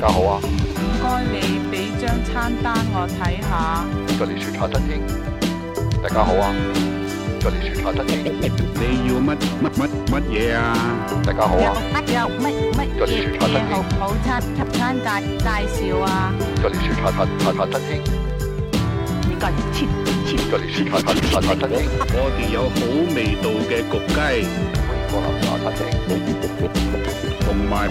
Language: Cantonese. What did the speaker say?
大家好啊！唔該，你俾張餐單我睇下。這裏是茶餐廳。大家好啊！這裏是茶餐廳。你要乜乜乜乜嘢啊？大家好啊！大家好啊，大家雪有有乜乜嘢？好套餐，套餐大介紹啊！這裏是茶茶茶餐廳。近切切。這裏是茶茶茶餐廳。我我哋有好味道嘅焗雞，同埋。